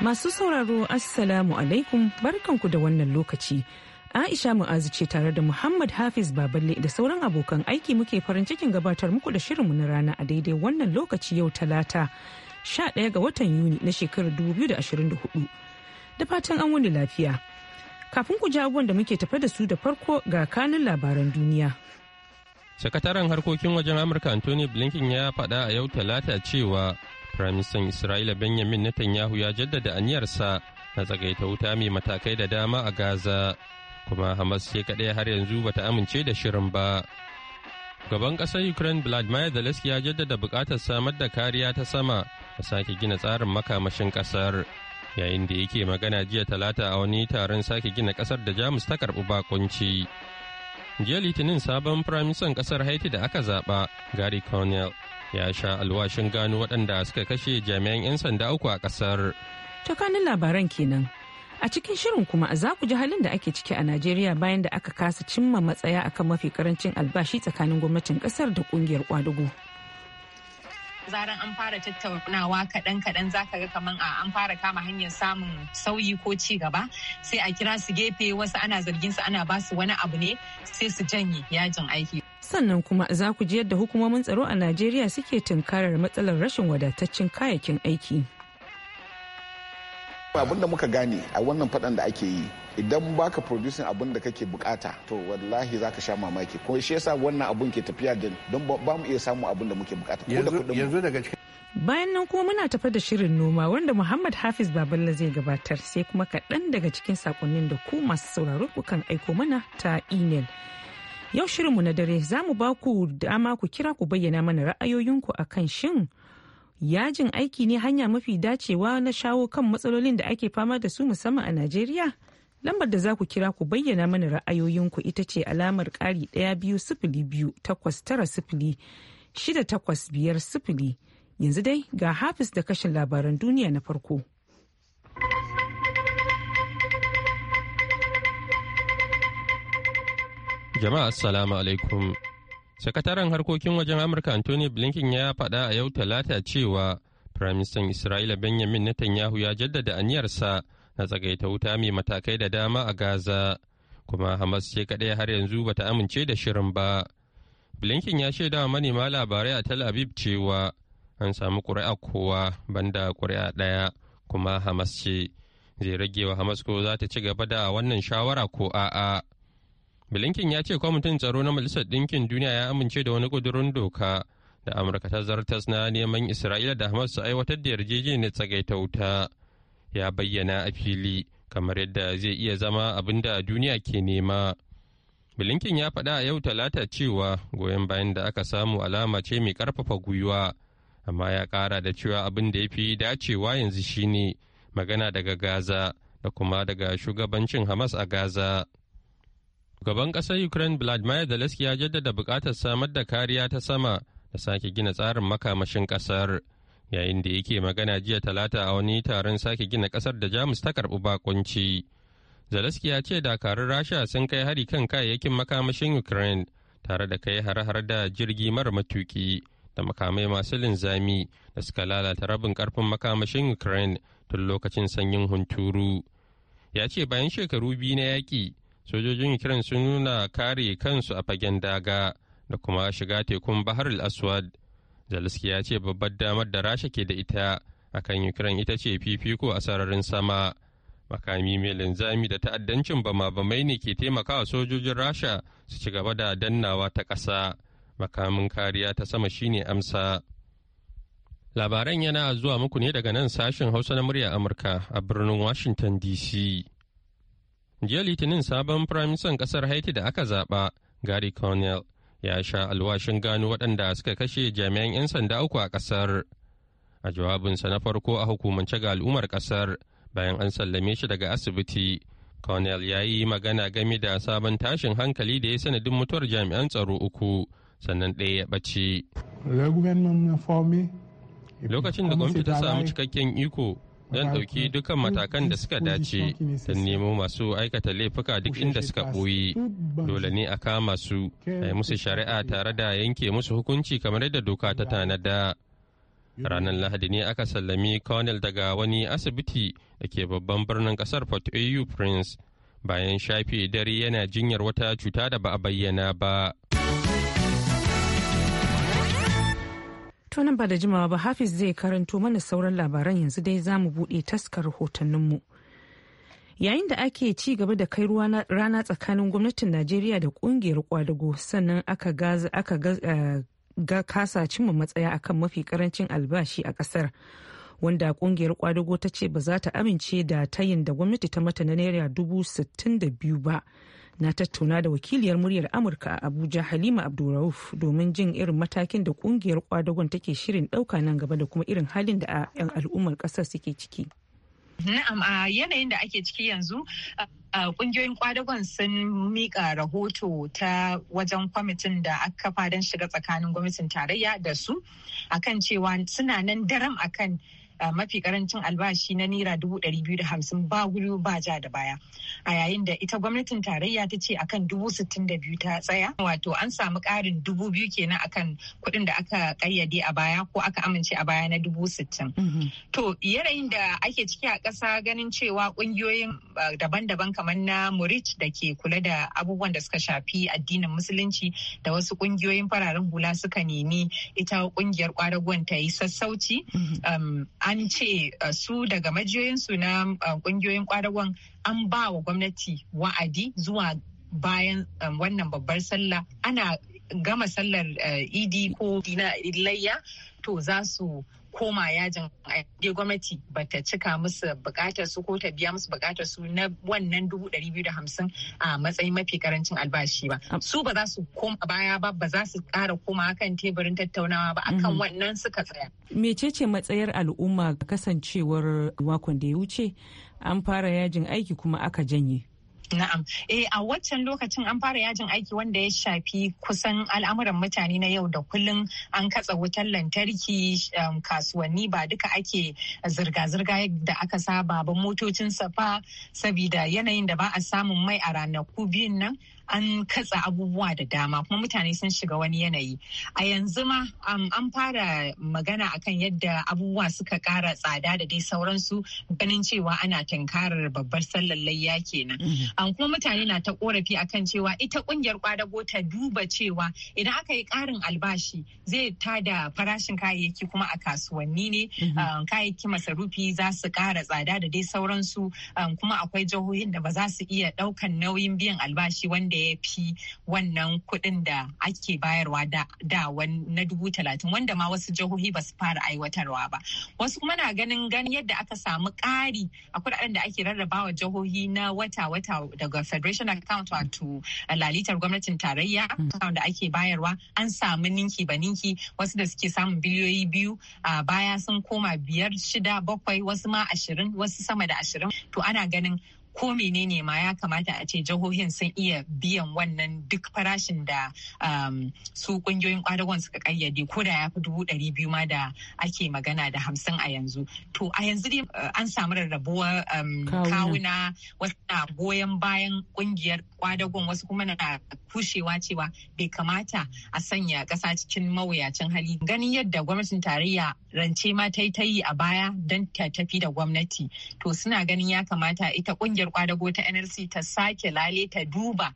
Masu sauraro Assalamu alaikum barkanku da wannan lokaci. Aisha Mu'azu ce tare da Muhammad Hafiz Baballe da sauran abokan aiki muke farin cikin gabatar muku da shirinmu na rana a daidai wannan lokaci yau talata sha 11 ga watan Yuni na shekarar 2024. Da fatan an wani lafiya. Kafin ku ji abubuwan da muke tafe da su da farko ga kanin labaran duniya. Sakataren harkokin wajen Amurka Anthony Blinken ya faɗa a yau talata cewa Firaministan Isra'ila Benjamin Netanyahu ya jaddada aniyarsa na tsagaita wuta mai matakai da dama a Gaza, kuma Hamas ce kaɗai har yanzu bata amince da shirin ba. Gaban ƙasar Ukraine Vladimir Zelensky ya jaddada buƙatar samar da kariya ta sama a sake gina tsarin makamashin ƙasar. Yayin da yake magana jiya talata a wani taron sake gina ƙasar da Jamus ta karɓi bakunci. Jiya Litinin sabon firaministan ƙasar Haiti da aka zaɓa Gary Connell ya sha alwashin gano waɗanda suka kashe jami'an 'yan sanda uku a ƙasar. Takanin labaran kenan. A cikin shirin kuma za ku ji halin da ake ciki a Najeriya bayan da aka kasa cimma matsaya akan mafi karancin albashi tsakanin gwamnatin ƙasar da ƙungiyar ƙwadugu. zaran an fara tattaunawa kaɗan kaɗan za ka ga kamar a an fara kama hanyar samun sauyi ko ci gaba sai a kira su gefe wasu ana zargin su ana basu wani abu ne sai su janye yajin aiki sannan kuma za ku ji yadda hukumomin tsaro a najeriya suke tunkarar matsalar rashin wadataccen kayayyakin aiki abin da muka gane a wannan faɗan da ake yi idan baka producing abin da kake bukata to wallahi zaka sha mamaki ko shi yasa wannan abun ke tafiya din don ba mu iya samu abin da muke bukata yanzu daga bayan nan kuma muna tafa da shirin noma wanda muhammad hafiz baballa zai gabatar sai kuma kaɗan daga cikin sakonnin da ku masu sauraro kukan aiko mana ta email Yau shirinmu na dare za mu ba ku dama ku kira ku bayyana mana ra'ayoyinku a kan shin yajin aiki ne hanya mafi dacewa na shawo kan matsalolin da ake fama da su musamman a Najeriya? Lambar da za ku kira ku bayyana mana ra'ayoyinku ita ce alamar kari ɗaya biyu sifili biyu takwas tara sifili shida takwas biyar sifili. Yanzu dai ga hafis da kashin labaran duniya na farko. Jama'a assalamu alaikum. Sakataren harkokin wajen Amurka Anthony Blinken ya faɗa a yau talata cewa Firaministan Isra'ila Benjamin Netanyahu ya jaddada aniyarsa na tsagaita wuta mai matakai da dama a Gaza, kuma Hamas ce kaɗai har yanzu bata amince da shirin ba. Blinken ya shaida wa manema labarai a Tel Aviv cewa an samu ƙuri'a kowa banda ƙuri'a ɗaya kuma Hamas ce. Zai rage wa Hamas ko za ta ci gaba da wannan shawara ko a'a. bilinkin ya ce kwamitin tsaro na Majalisar Ɗinkin Duniya ya amince da wani ƙudurin doka da Amurka ta zartas na neman Isra'ila da Hamas su aiwatar da yarjejeniyar tsagaita wuta. Ya bayyana a fili kamar yadda zai iya zama abin da duniya ke nema. bilinkin ya faɗa a yau talata cewa goyon bayan da aka samu alama ce mai ƙarfafa gwiwa, amma ya ƙara da cewa abin da ya fi dacewa yanzu shine magana daga Gaza da kuma daga shugabancin Hamas a Gaza. Gaban ƙasar Ukraine Vladimir Zelensky ya jaddada buƙatar samar da kariya ta sama da sake gina tsarin makamashin ƙasar. Yayin da yake magana jiya talata a wani taron sake gina ƙasar da Jamus ta karɓi bakunci. Zelensky ya ce dakarun Rasha sun kai hari kan kayayyakin makamashin Ukraine tare da kai har-har da jirgi mara matuki da makamai masu linzami da suka lalata rabin ƙarfin makamashin Ukraine tun lokacin sanyin hunturu. Ya ce bayan shekaru biyu na yaƙi sojojin ukraine sun nuna kare kansu a fagen daga da kuma shiga tekun bahar aswad zaliski ya ce babbar damar da rasha ke da ita akan ukraine ita ce fifiko a sararin sama makami mai linzami da ta'addancin bama-bamai ne ke taimakawa sojojin rasha su ci gaba da dannawa ta ƙasa makamin kariya ta sama shine amsa labaran yana zuwa muku ne daga nan sashen hausa na murya amurka a birnin washington dc jiya litinin sabon firaministan kasar haiti da aka zaba gary cornell ya sha alwashin gano waɗanda suka kashe jami'an 'yan sanda uku a kasar a jawabinsa na farko a hukumance ga al'ummar kasar bayan an sallame shi daga asibiti cornell ya yi magana game da sabon tashin hankali da ya sanadin mutuwar jami'an tsaro uku sannan ɗaya ya ɓace lokacin da gwamnati ta samu cikakken iko don ɗauki dukkan matakan da suka dace da nemo masu aikata laifuka duk inda suka ɓoye dole ne a kama su a yi musu shari'a tare da yanke musu hukunci kamar yadda doka ta tanada ranar lahadi ne aka sallami cornell daga wani asibiti da ke babban birnin kasar port au prince bayan shafe dare yana jinyar wata cuta da ba a bayyana ba. To nan ba da jimawa ba Hafiz zai karanto mana sauran labaran yanzu dai za mu buɗe taskar mu Yayin da ake ci gaba da kai rana tsakanin gwamnatin Najeriya da kungiyar kwadago sannan aka gaza aka eh, ga kasa cimma matsaya akan mafi karancin albashi a kasar. Wanda kungiyar kwadago ta ce ba za ta amince da tayin da gwamnati ta mata na naira dubu sittin da biyu ba. na tattauna da wakiliyar muryar amurka a abuja halima abdulrauf domin jin irin matakin da kungiyar kwadagon take shirin dauka nan gaba da kuma irin halin da 'yan al'ummar kasar suke ciki Na'am a yanayin da ake ciki yanzu kungiyoyin kwadagon sun mika rahoto ta wajen kwamitin da aka kafa don shiga tsakanin gwamnatin tarayya da su akan cewa suna nan daram akan mafi karancin albashi na naira dubu ɗari biyu da hamsin ba gudu ba ja da baya a yayin da ita gwamnatin tarayya ta ce akan dubu sittin da biyu ta tsaya wato an samu ƙarin dubu biyu kenan akan kuɗin da aka ƙayyade a baya ko aka amince a baya na dubu sittin mhm. to yanayin da ake ciki a ƙasa ganin cewa ƙungiyoyin daban-daban kamar na murich da ke kula da abubuwan da suka shafi addinin musulunci da wasu ƙungiyoyin fararen hula suka nemi ita ƙungiyar ƙwaragon ta yi sassauci mhm. um, an ce uh, su daga majiyoyinsu na kungiyoyin uh, kwadagon an ba wa gwamnati wa'adi zuwa bayan um, wannan babbar sallah ana gama sallar uh, idi ko dina layya to za su koma yajin aiki gwamnati ba ta cika musu bukatar su ko ta biya musu bukatar su na wannan dubu ɗari biyu da hamsin a matsayin mafi karancin albashi ba su ba za su koma baya ba ba za su ƙara koma kan teburin tattaunawa ba akan mhm. wannan suka tsaya. mecece matsayar al'umma kasancewar Wakon da ya wuce an fara yajin aiki kuma aka janye. Na'am. Eh a waccan lokacin an fara yajin aiki wanda ya shafi kusan al'amuran mutane na yau da kullum an katsa wutar lantarki um, kasuwanni ba duka ake zirga-zirga da aka saba ba motocin safa saboda yanayin da ba a samun mai a ranaku biyun nan an katsa abubuwa da dama kuma mutane sun shiga wani yanayi a yanzu ma um, an fara magana akan yadda abubuwa suka kara tsada da dai sauransu ganin cewa ana tankarar babbar sallar layya kenan mm-hmm. um, kuma mutane na ta korafi akan cewa ita kungiyar kwadago ta duba cewa idan aka yi karin albashi zai tada farashin kayayyaki kuma a kasuwanni ne mm-hmm. um, kayayyaki masarufi za su kara tsada da dai sauransu kuma akwai jihohin da ba za su iya daukan nauyin biyan albashi wanda da ya fi wannan kuɗin da ake bayarwa da na dubu talatin wanda ma wasu jihohi ba su fara aiwatarwa ba wasu kuma na ganin ganin yadda aka samu ƙari a kuɗaɗen da ake rarrabawa jihohi na wata-wata daga federation account wato uh, lalitar gwamnatin tarayya mm. da ake bayarwa an samu ninki ba ninki wasu da suke samun biliyoyi biyu a baya sun koma biyar shida bakwai wasu ma ashirin wasu sama da ashirin to ana ganin ko menene ma ya kamata a ce jihohin sun iya biyan wannan duk farashin da um, su kungiyoyin kwadagon suka kayyade ko da ya fi dubu ɗari biyu ma da ake magana da hamsin a yanzu to a yanzu dai uh, an samu rarrabuwar um, kawuna wasu na goyon bayan kungiyar kwadagon wasu kuma na kushewa cewa bai kamata a sanya ƙasa cikin mawuyacin hali ganin yadda gwamnatin tarayya rance ma ta ta yi a baya don ta tafi da gwamnati to suna ganin ya kamata ita kungiyar kwadago ta nlc ta sake lale ta duba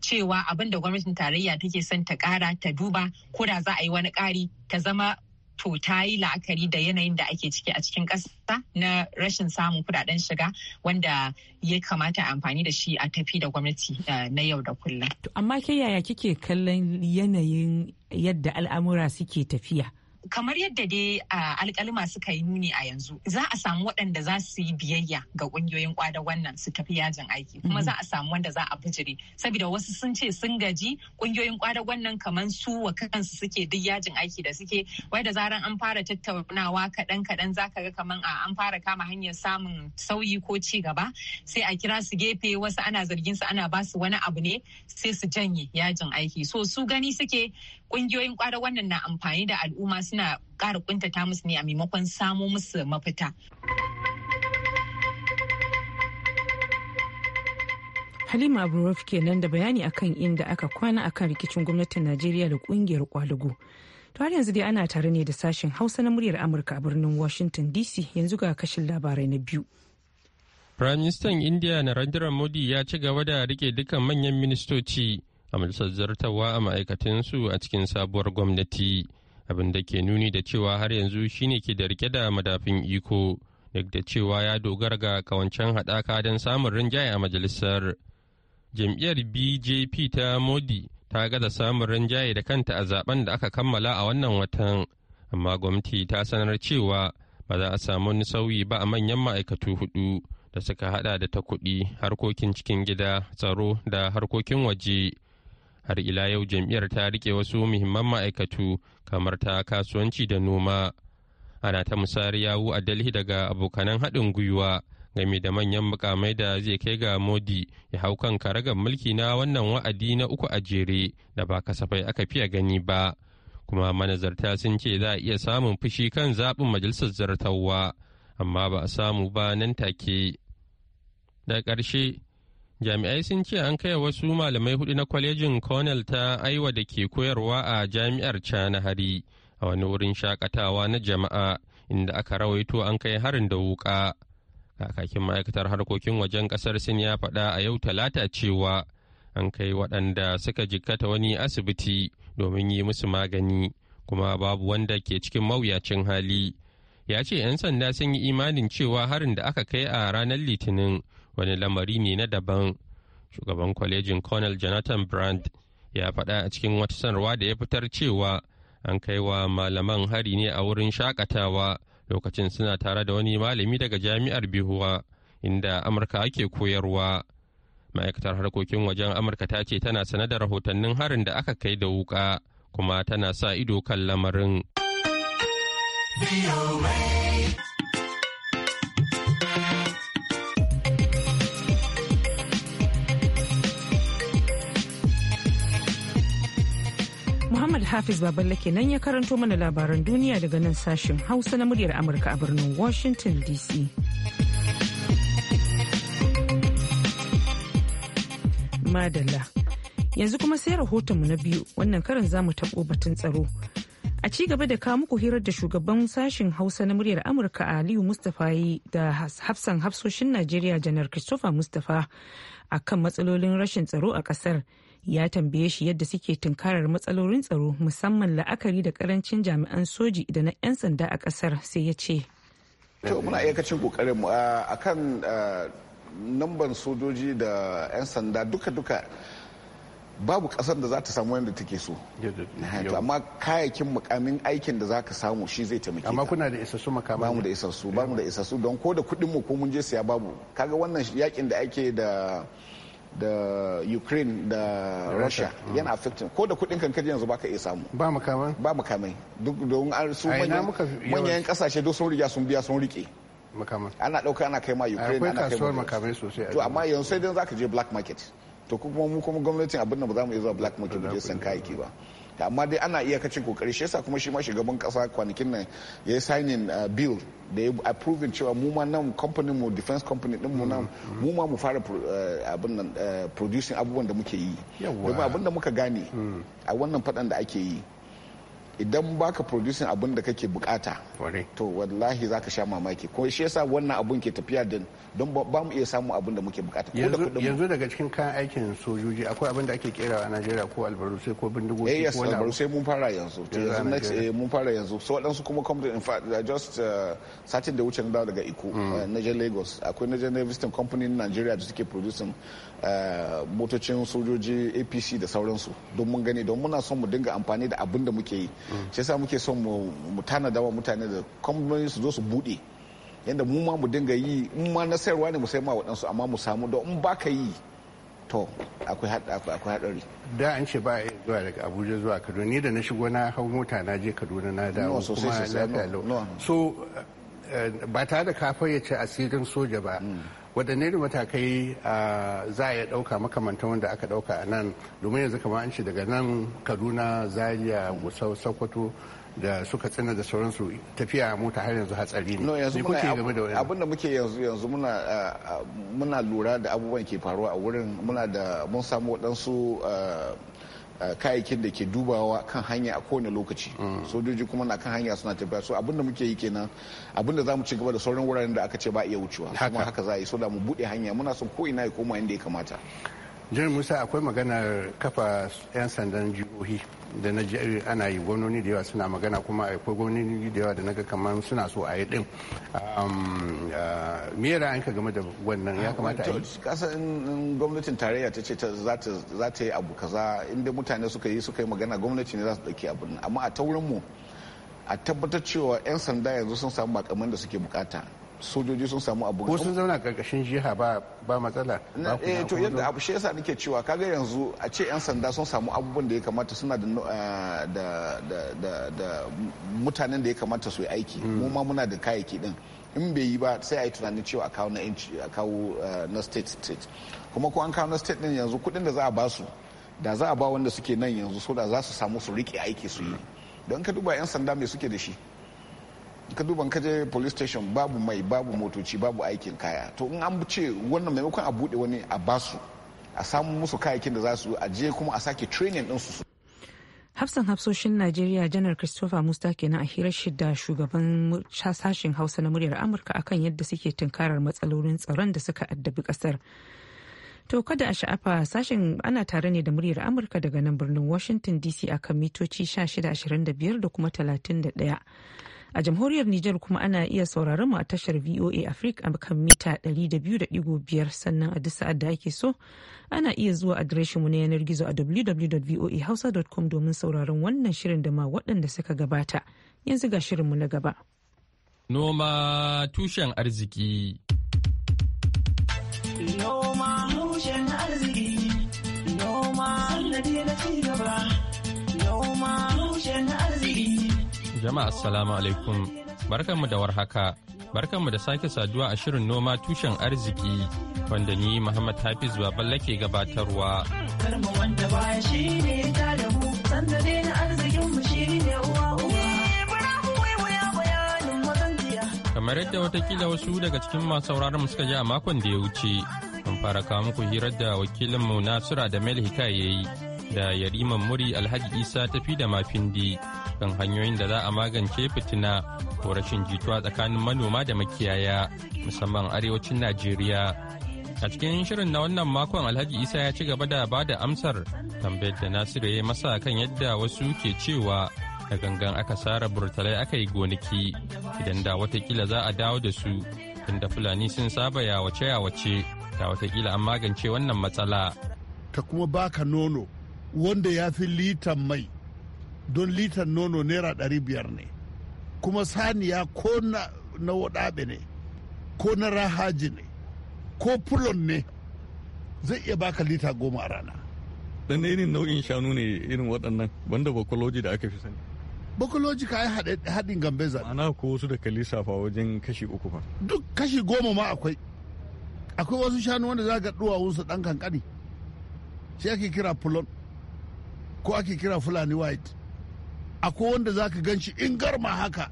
cewa abin da gwamnatin tarayya take son ta kara ta duba ko da za a yi wani kari ta zama to ta yi la'akari da yanayin da ake ciki a cikin ƙasa na rashin samun kudaden shiga wanda ya kamata a amfani da shi a tafi da gwamnati eh, na yau da kullum. Amma ke yaya kike kallon yanayin yadda al'amura suke tafiya? kamar yadda dai alkalima suka yi nuni a yanzu za a samu waɗanda za su yi biyayya ga ƙungiyoyin kwada wannan su tafi yajin aiki kuma za a samu wanda za a bijire saboda wasu sun ce sun gaji ƙungiyoyin kwada wannan kamar su wa kansu suke duk yajin aiki da suke wai da zaran an fara tattaunawa kaɗan kaɗan za ka ga kamar a an fara kama hanyar samun sauyi ko ci gaba sai a kira su gefe wasu ana zargin su ana ba su wani abu ne sai su janye yajin aiki so su gani suke ƙungiyoyin kwada wannan na amfani da al'umma suna suna ƙara kuntata musu ne a maimakon samo musu mafita. Halima Abdulruf kenan da bayani akan inda aka kwana akan rikicin gwamnatin Najeriya da kungiyar kwalugu. To har yanzu dai ana tare ne da sashen Hausa na muryar Amurka a birnin Washington DC yanzu ga kashin labarai na biyu. Firaministan Indiya Narendra Modi ya ci gaba da rike dukkan manyan ministoci a majalisar zartawa a ma'aikatansu a cikin sabuwar gwamnati abin da ke nuni da cewa har yanzu shine ke da rike da madafin iko duk da cewa ya dogara ga kawancen haɗaka don samun rinjaye a majalisar jam'iyyar bjp ta modi ta gaza samun rinjaye da kanta a zaben da aka kammala a wannan watan amma gwamnati ta sanar cewa ba za a samu wani sauyi ba a manyan ma'aikatu hudu da suka hada da ta kuɗi harkokin cikin gida tsaro da harkokin waje har ila yau jam'iyyar ta rike wasu muhimman ma'aikatu kamar ta kasuwanci da noma ana ta musayar yawu a dalhi daga abokanan haɗin gwiwa game da manyan mukamai da zai kai ga modi ya hau kan karagar mulki na wannan wa'adi na uku a jere da ba kasafai aka fiye gani ba kuma manazarta sun ce za a iya samun fushi kan zaɓin majalisar zartarwa amma ba a samu ba nan take da ƙarshe jami'ai sun ce an kai wasu malamai hudu na kwalejin cornell ta aiwa da ke koyarwa a jami'ar Canahari, a wani wurin shakatawa na jama'a inda aka rawaito an kai harin da wuka kakakin ma'aikatar harkokin wajen kasar sin ya faɗa a yau talata cewa an kai waɗanda suka jikkata wani asibiti domin yi musu magani kuma babu wanda ke cikin mawuyacin hali ya ce 'yan sanda sun yi imanin cewa harin da aka kai a ranar litinin wani lamari ne na daban shugaban kwalejin colonel jonathan brand ya faɗa a cikin wata sanarwa da ya fitar cewa an kai wa malaman hari ne a wurin shakatawa lokacin suna tare da wani malami daga jami'ar bihuwa inda amurka ake koyarwa ma'aikatar harkokin wajen amurka ta ce tana sane da rahotannin harin da aka kai da wuka kuma tana sa ido kan lamarin. Hafiz Baballe kenan ya karanto mana labaran duniya daga nan sashen Hausa na muryar Amurka a birnin Washington DC. Madalla. Yanzu kuma sai rahotonmu na biyu wannan karin zamu taɓo batun tsaro. A ci gaba da kawo muku hirar da shugaban sashin Hausa na muryar Amurka Aliyu Mustapha yi da hafsan hafsoshin Najeriya janar Christopher Mustapha akan matsalolin rashin tsaro a ƙasar. ya tambaye shi yadda suke tunkarar matsalolin tsaro musamman la'akari da karancin jami'an soji da na 'yan sanda a kasar sai ya ce to muna aikacin kokarin a kan namban sojoji da 'yan sanda duka-duka babu kasar da za ta samu yadda take so amma kayayyakin mukamin aikin da za ka samu shi zai taimake amma kuna da isassu makamai bamu da isassu bamu da isassu don ko da kuɗin mu ko mun je siya babu kaga wannan yakin da ake da da ukraine da russia yana affecting ko da kudin kan kaji yanzu ka iya samu ba makamai ba makamai duk don an su manyan kasashe duk sun riga sun biya sun rike makamai ana dauka ana kai ma ukraine ana kai ma makamai sosai to amma yanzu sai dan zaka je black market to kuma mu kuma gwamnatin abin da ba za mu iya zuwa black market mu je san kayayyaki ba da amma dai ana kacin kokari shi yasa kuma shi ma shugaban kasa kwanakin nan ya yi signing uh, bill da ya approving cewa mu ma nan company mu defense company din mu nan mm-hmm. mu ma mu fara uh, abin nan uh, producing abubuwan da muke yi domin abin da muka gane mm. a wannan fadan da ake yi idan baka producing abin da kake bukata to wallahi za ka sha mamaki ko shi yasa wannan abun ke tafiya din don ba mu iya samu abin da muke bukata yanzu daga cikin kayan aikin sojoji akwai abin da ake kerawa a Najeriya ko albarusai ko bindigogi eh, ko wani albarusai mun fara yanzu Yanzu eh, mun fara yanzu so waɗansu kuma company in fact just uh, satin da wuce na daga iko hmm. uh, Niger Lagos akwai Niger Navistin company in Nigeria da suke producing uh, motocin sojoji APC da sauransu don mun gani don muna son mu dinga amfani da abin da muke yi shi yasa muke son mu tana dawa mutane da kamfanoni su zo su bude yadda mu ma mu dinga yi in ma na sayarwa ne mu sai ma waɗansu amma mu samu da in ba ka yi to akwai haɗari da an ce ba a zuwa daga abuja zuwa kaduna ni da na shigo na hau mota na je kaduna na dawo kuma lafiya lau so Eh, ba tare da ka fayyace asirin soja ba hmm. wadanne da matakai ah, za a dauka ɗauka wanda aka ɗauka a nan domin yanzu kamar an ce daga nan kaduna zaria Musa sokoto da suka tsina da sauransu tafiya mota har yanzu hatsari ne Yanzu kuke game da wannan abinda muke yanzu yanzu muna ah, ah, muna lura da abubuwan ke faruwa a wurin muna da mun samu waɗansu kayayyakin da ke dubawa kan hanya a kowane lokaci sojoji kuma na kan hanya suna tafiya so abinda muke yi kenan abinda za mu ci gaba da sauran wuraren da aka ce ba iya wucewa kuma haka za a yi so da mu buɗe hanya muna son ko ina ya koma inda ya kamata jirgin musa akwai maganar kafa 'yan sandan jihohi da na ji eh, ana yi gwamnoni da yawa suna magana kuma akwai gwamnoni da yawa da naga kamar suna so a yi din me yara an ka game da wannan ya kamata a yi kasa in gwamnatin tarayya ta ce za ta yi abu kaza inda mutane suka yi suka yi magana gwamnati ne za su ɗauki abin amma a taurin mu a tabbatar cewa 'yan sanda yanzu sun samu makaman da suke bukata sojoji sun samu abu ko sun zauna karkashin jiha ba ba matsala eh to yadda abu shi yasa nake cewa kaga yanzu a ce yan sanda sun samu abubuwan da ya kamata suna da eh, da da da mutanen da ya kamata su yi aiki hmm. mu ma muna da kayayyaki din in bai yi ba sai a yi tunanin cewa a kawo na a kawo eh, na state state kuma ko an kawo na state din yanzu kuɗin da za a ba su da za a ba wanda suke nan yanzu so da za su samu su rike aiki su yi don ka duba yan sanda me suke da shi ka duba ka je police station babu mai babu motoci babu aikin kaya to in an ce wannan maimakon a bude wani a basu a samu musu kayakin da za su ajiye kuma a sake training din su hafsan hafsoshin najeriya janar christopher musta kenan a hirar shida shugaban sashen hausa na muryar amurka akan yadda suke tunkarar matsalolin tsaron da suka addabi kasar to kada a sha'afa sashen ana tare ne da muryar amurka daga nan birnin washington dc a kan mitoci 1625 da kuma 31 A jamhuriyar Nijar kuma ana iya sauraron mu a tashar VOA Africa a kan mita 200.5 sannan a duk sa'ad da ake so ana iya zuwa adireshin mu na yanar gizo a www.voahausa.com domin sauraron wannan shirin da ma waɗanda suka gabata. Yanzu ga mu na gaba. Noma tushen arziki. Noma Jama'a assalamu alaikum. Barkanmu da warhaka. Barkanmu da sake saduwa a shirin noma tushen arziki wanda ni Muhammad Hafiz Baballe ke gabatarwa. Eh, kamar yadda watakila wasu daga cikin masu sauraron suka ji a makon da ya wuce mun fara kawo muku hirar da wakilinmu nasura da mel hikaye yayi. da yariman muri alhaji isa tafi da mafindi kan hanyoyin da za a magance fitina ko rashin jituwa tsakanin manoma da makiyaya musamman arewacin najeriya a cikin shirin na wannan makon alhaji isa ya ci gaba da ba da amsar tambayar da nasiru ya masa kan yadda wasu ke cewa da gangan aka sara burtalai aka yi gonaki idan da watakila za a dawo da su tunda fulani sun saba yawace yawace da watakila an magance wannan matsala ka kuma baka nono wanda ya fi litan mai don litan nono naira ɗari biyar ne kuma saniya ko na, waɗaɓe ne ko na rahaji ne ko fulon ne zai iya baka lita goma a rana dan irin nau'in shanu ne irin waɗannan banda bakoloji da aka fi sani bakoloji ka yi haɗin gambeza ana ko wasu da ka lissafa wajen kashi uku ba duk kashi goma ma akwai akwai wasu shanu wanda za ka wunsa ɗan kankani shi ake kira fulon ko ake kira fulani white akwai wanda za ka gan in garma haka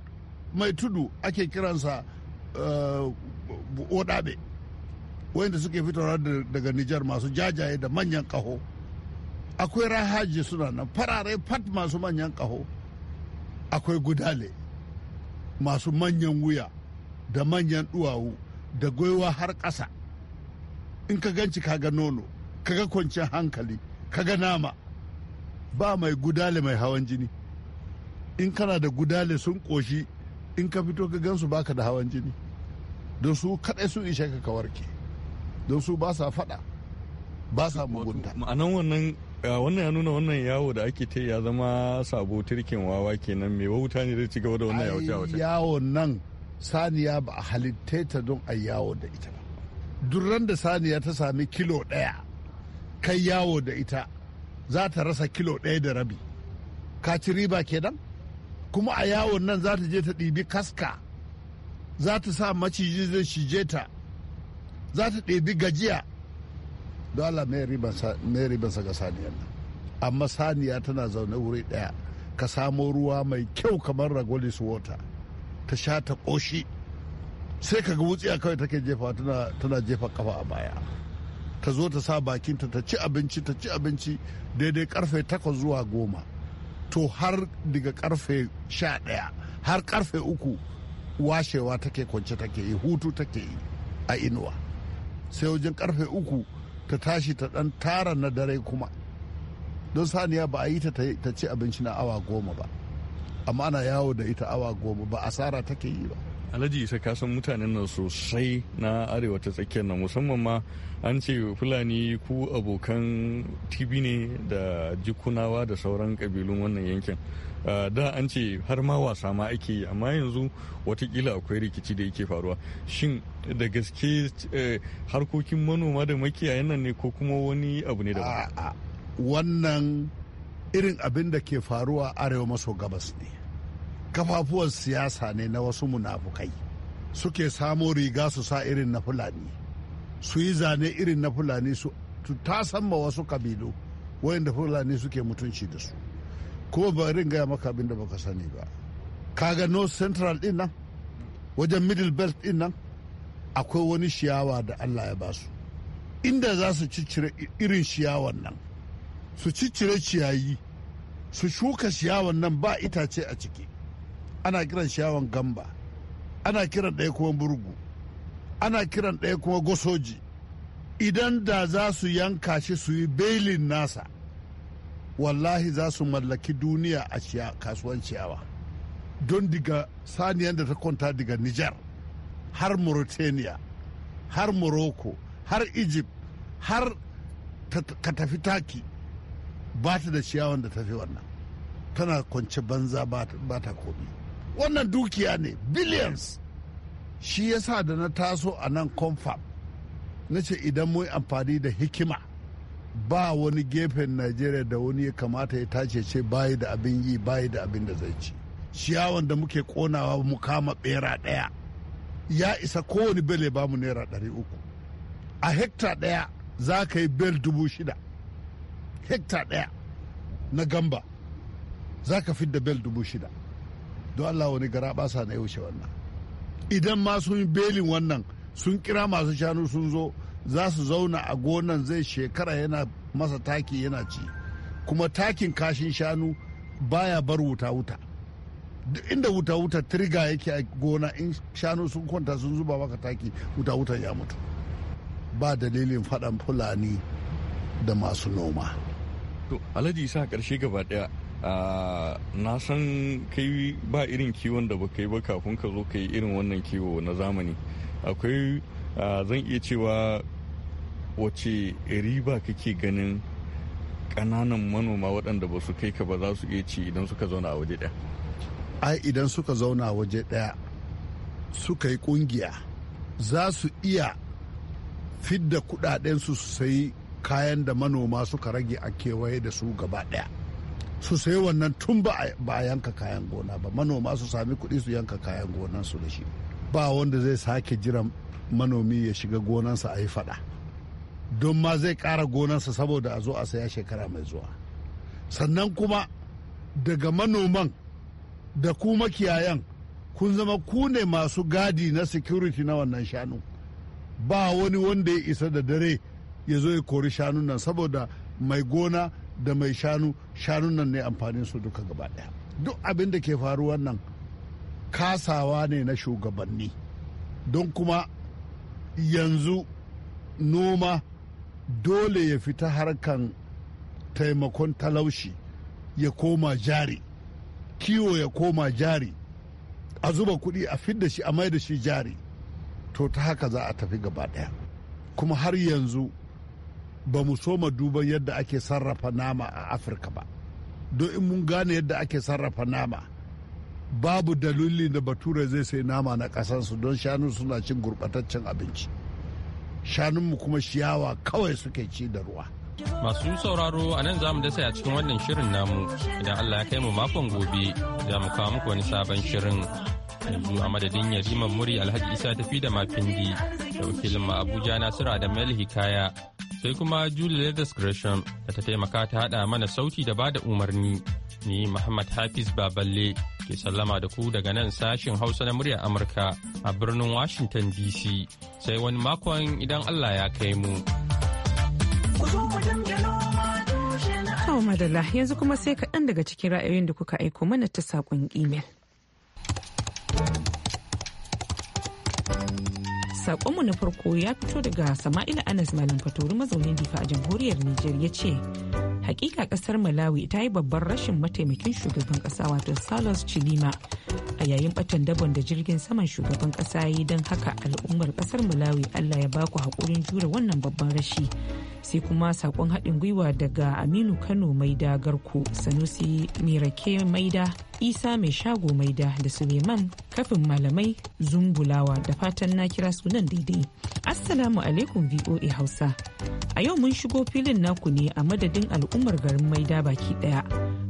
mai tudu ake kiransa uh, odabe wanda suke fitarwa daga nijar masu jajaye da manyan kaho akwai rahaji suna nan farare fat masu manyan kaho akwai gudale masu manyan wuya da manyan duwawu da gwaiwa har ƙasa in ka ganci kaga nono kaga kwanciyar hankali kaga nama ba mai gudale mai hawan jini in kana da gudale sun koshi in ka fito ka gansu baka da hawan jini don su kadai sun ishe ka warke don su ba sa fada ba sa mugunta ma'anan wannan wannan ya nuna wannan yawo da ake ta ya zama sabo turkin wawa kenan mai wauta ne zai ci gaba da wannan yawo yawo nan saniya ba a ta don a yawo da ita ba duran da saniya ta sami kilo daya kai yawo da ita za ta rasa kilo ɗaya da rabi ka ci riba kenan kuma a yawon nan za ta je ta ɗibi kaska za ta sa maciji zai shije ta za ta ɗibi gajiya dole mai sa ga saniya nan amma saniya tana zaune wuri ɗaya ka samo ruwa mai kyau kamar ragolis water ta sha ta ƙoshi sai ka ga wutsiya kawai take jefa tana jefa kafa a baya ta zo ta sa bakinta ta ci abinci ta ci abinci daidai karfe takwas zuwa goma to har daga karfe sha ɗaya har karfe uku washewa take kwance take yi hutu take yi a inuwa sai wajen karfe uku ta tashi ta ɗan tara na dare kuma don saniya ba a yi ta ta ci abinci na awa goma ba amma ana yawo da ita awa goma ba asara take yi ba alhaji isa ka san mutanen nan sosai na arewa ta tsakiyar nan musamman ma an ce fulani ku abokan tibi ne da jikunawa da sauran kabilun wannan yankin da an ce har ma wasa ma ake yi amma yanzu watakila akwai rikici da yake faruwa shin da gaske eh, harkokin manoma da makiyayan nan ne ko kuma wani abu ne da wannan irin abin da ke faruwa arewa maso gabas ne kafafuwan siyasa ne na wasu munafukai suke samo riga su sa irin na fulani su yi zane irin na fulani su tasamma wasu kabilu wayanda fulani suke mutunci da su ko ba rin gaya maka abin da baka sani ba kaga north central din nan wajen middle belt din nan akwai wani shiyawa da allah ya ba su inda za su ciccire irin shiyawan nan su ciccire ciyayi su shuka shiyawan nan ba itace a ciki ana kiran shawon gamba ana kiran ɗaya kuma burgu ana kiran ɗaya kuma gosoji idan da za su yanka shi su yi belin nasa wallahi za su mallaki duniya a kasuwan ciyawa don diga saniyan da ta kwanta daga nijar har mauritania har morocco har egypt har ka tafi taki ba ta da ciyawan da tafi wannan tana kwance banza ba ta komi wannan dukiya ne billions shi ya sa da na taso a nan confab na ce idan mun amfani da hikima ba wani gefen najeriya da wani ya kamata ya tace ce bayi da abin yi bayi da abin da zai ci ciyawan da muke konawa mu kama bera daya ya isa kowane bel ya bamu naira ɗari uku a hekta daya za ka yi bel dubu shida hekta daya na gamba za ka fidda bel dubu shida don allah wani gara basa na yaushe wannan idan ma sun belin wannan sun kira masu shanu sun zo za su zauna a gonan zai shekara yana masa taki yana ci kuma takin kashin shanu baya bar wuta wuta inda wuta wuta tirga yake a gona in shanu sun kwanta sun zuba maka taki wuta wuta ya mutu ba dalilin faɗan fulani da masu noma to alhaji isa ƙarshe gaba ɗaya na san kai ba irin kiwon da baka yi ba kafin ka zo ka yi irin wannan kiwo na zamani akwai zan iya cewa wace riba kake ganin kananan manoma waɗanda ba su kai ka ba za su iya ci idan suka zauna a waje ɗaya ai idan suka zauna waje ɗaya suka yi ƙungiya za su iya fidda kuɗaɗensu su sayi kayan da manoma suka rage a kewaye da su gaba ɗaya su sayi wannan tun ba a yanka kayan gona ba manoma su sami kuɗi su yanka kayan su da shi ba wanda zai sake jiran manomi ya shiga gonansa a yi fada don ma zai ƙara gonansa saboda a zo a saya shekara mai zuwa sannan kuma daga manoman da ku makiyayan kun zama ku ne masu gadi na security na wannan shanu ba wani wanda ya isa da dare ya zo ya kori shanun nan saboda mai gona da mai shanu shanun nan ne amfanin su duka gaba daya duk abin da ke faruwa nan kasawa ne na shugabanni don kuma yanzu noma dole ya fita harkan taimakon talaushi ya koma jari kiwo ya koma jari a zuba kuɗi a fidda shi a mai da shi jari to ta haka za a tafi gaba ɗaya kuma har yanzu ba mu so soma duba yadda ake sarrafa nama a afirka ba don in mun gane yadda ake sarrafa nama babu dalili da bature zai sai nama na kasansu don shanu suna cin gurɓataccen abinci shanunmu kuma shiyawa kawai suke ci da ruwa masu sauraro a nan za mu dasa a cikin wannan shirin namu idan allah ya kai mu makon gobe za mu kawo muku wani sabon shirin yanzu a madadin yariman muri alhaji isa tafi da mafindi da wakilin abuja nasira da mail hikaya sai kuma Julie Leathers Gresham da ta taimaka ta hada mana sauti da bada umarni. Ni Muhammad Hafiz Baballe ke sallama da ku daga nan sashin Hausa na muryar Amurka a birnin Washington DC sai wani makon idan Allah ya kai mu. Kawo madalla yanzu kuma sai kaɗan daga cikin ra'ayoyin da kuka aiko mana ta saƙon imel. sakonmu na farko ya fito daga sama'ila anas malam fatori mazaunin difa a jamhuriyar nijar ya ce hakika ƙasar malawi ta yi babban rashin mataimakin shugaban kasa wato salos chilima a yayin ɓatan dabon da jirgin saman shugaban kasa yi don haka al'ummar ƙasar malawi allah ya baku haƙurin jure wannan babban rashi sai kuma sakon haɗin gwiwa daga aminu kano maida garko sanusi mirake maida isa mai shago Maida da da suleiman kafin malamai zumbulawa da fatan na kira sunan daidai assalamu alaikum voa hausa a yau mun shigo filin naku ne a madadin al'ummar garin maida baki daya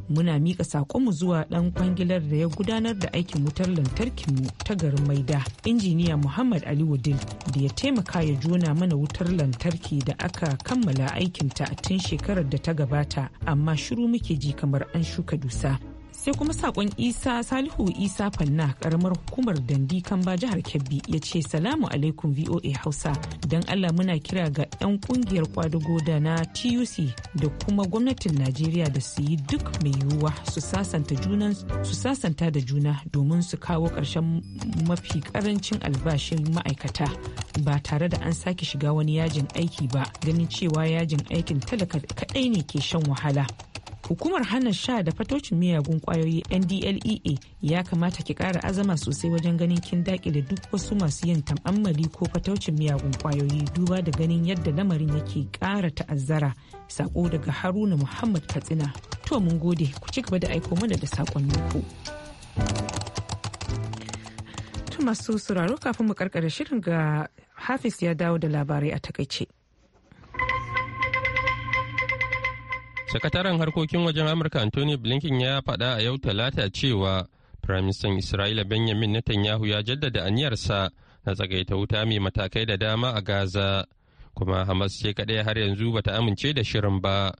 muna mika saƙonmu zuwa ɗan kwangilar da ya gudanar da aikin wutar lantarkinmu ta garin maida injiniya muhammad ali wadil da ya taimaka ya jona mana wutar lantarki da aka kammala aikinta tun shekarar da ta gabata amma shiru muke ji kamar an shuka dusa sai kuma sakon isa salihu isa fanna karamar hukumar dandi kamba jihar kebbi ya ce salamu alaikum voa hausa don allah muna kira ga 'yan kungiyar kwadago da na tuc da kuma gwamnatin najeriya da su yi duk mai yiwuwa su sasanta da juna domin su kawo ƙarshen mafi karancin albashin ma'aikata ba tare da an sake shiga wani yajin aiki ba ganin cewa yajin aikin talaka kaɗai ne ke shan wahala hukumar hana sha da fatocin miyagun kwayoyi ndlea ya kamata ki kara azama sosai wajen ganin kin dakile duk wasu masu yin ta'ammali ko fatocin miyagun kwayoyi duba da ganin yadda lamarin yake kara ta'azzara sako daga haruna muhammad katsina to mun gode ku ci gaba da aiko mana da sakonninku masu sauraro kafin mu karkare shirin ga hafiz ya dawo da labarai a takaice sakataren harkokin wajen amurka anthony blinken ya faɗa a yau talata cewa firaministan isra'ila benjamin netanyahu ya jaddada aniyarsa na tsagaita wuta mai matakai da dama a gaza kuma hamas ce kaɗai har yanzu bata amince da shirin ba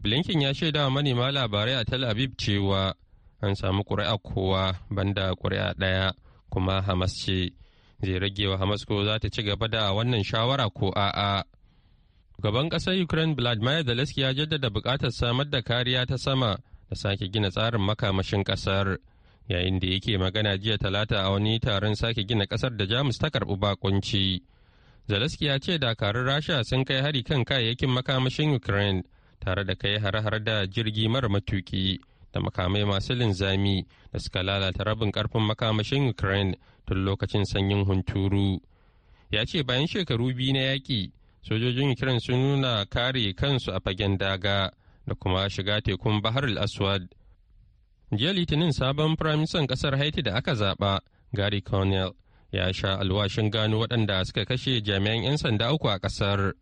blinken ya shaida wa manema labarai a tel aviv cewa an samu ƙuri'a kowa banda ƙuri'a ɗaya kuma hamas ce zai rage wa hamas ko za ta ci gaba da wannan shawara ko a'a. Gaban ƙasar Ukraine Vladimir Zelensky ya jaddada buƙatar samar da kariya ta sama da sake gina tsarin makamashin ƙasar. Yayin da yake magana jiya talata a wani taron sake gina ƙasar da Jamus ta karɓi bakunci. Zelensky ya ce dakarun Rasha sun kai hari kan kayayyakin makamashin Ukraine tare da kai hare har da jirgi mara matuki da makamai masu linzami da suka lalata rabin karfin makamashin Ukraine tun lokacin sanyin hunturu. Ya ce bayan shekaru biyu na yaƙi sojojin ukraine sun nuna kare kansu a fagen daga da kuma shiga tekun bahar al-aswad jiya litinin sabon firaministan kasar haiti da aka zaba gary cornell ya sha alwashin gano waɗanda suka kashe jami'an 'yan sanda uku a kasar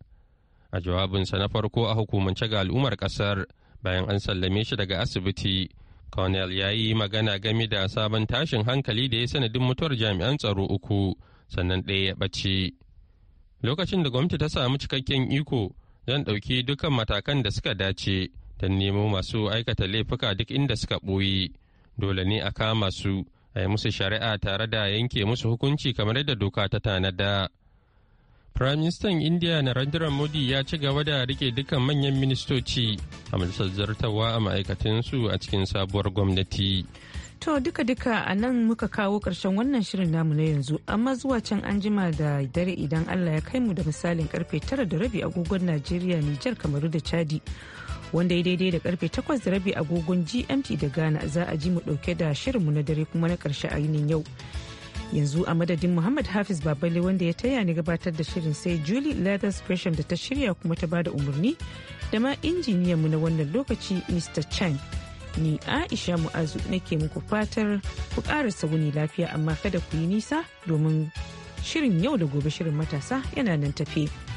a jawabinsa na farko a hukumance ga al'ummar kasar bayan an sallame shi daga asibiti cornell ya yi magana game da sabon tashin hankali da ya sanadin mutuwar jami'an tsaro uku sannan ɗaya ya ɓace lokacin da gwamnati ta samu cikakken iko zan ɗauki dukkan matakan da suka dace ta nemo masu aikata laifuka duk inda suka ɓoye dole ne a kama su a yi musu shari'a tare da yanke musu hukunci kamar yadda doka ta tanada. Firaministan Indiya Narendra Modi ya ci gaba da rike dukkan manyan ministoci a majalisar zartawa a ma'aikatansu a cikin sabuwar gwamnati. To duka-duka a nan muka kawo ƙarshen wannan shirin namu na yanzu amma zuwa can an jima da dare idan Allah ya kai mu da misalin karfe tara da rabi agogon Najeriya Nijar Kamaru da Chadi wanda ya daidai da karfe takwas da rabi agogon GMT da Ghana za a ji mu ɗauke da shirin mu na dare kuma na ƙarshe a yinin yau. Yanzu a madadin Muhammad Hafiz Babale wanda ya taya ni gabatar da shirin sai Julie Leathers Gresham da ta shirya kuma ta bada umarni da ma injiniyanmu na wannan lokaci Mr. Chang. ni aisha mu'azu nake muku fatar ku ƙara wuni lafiya amma kada ku yi nisa domin shirin yau da gobe shirin matasa yana nan tafe.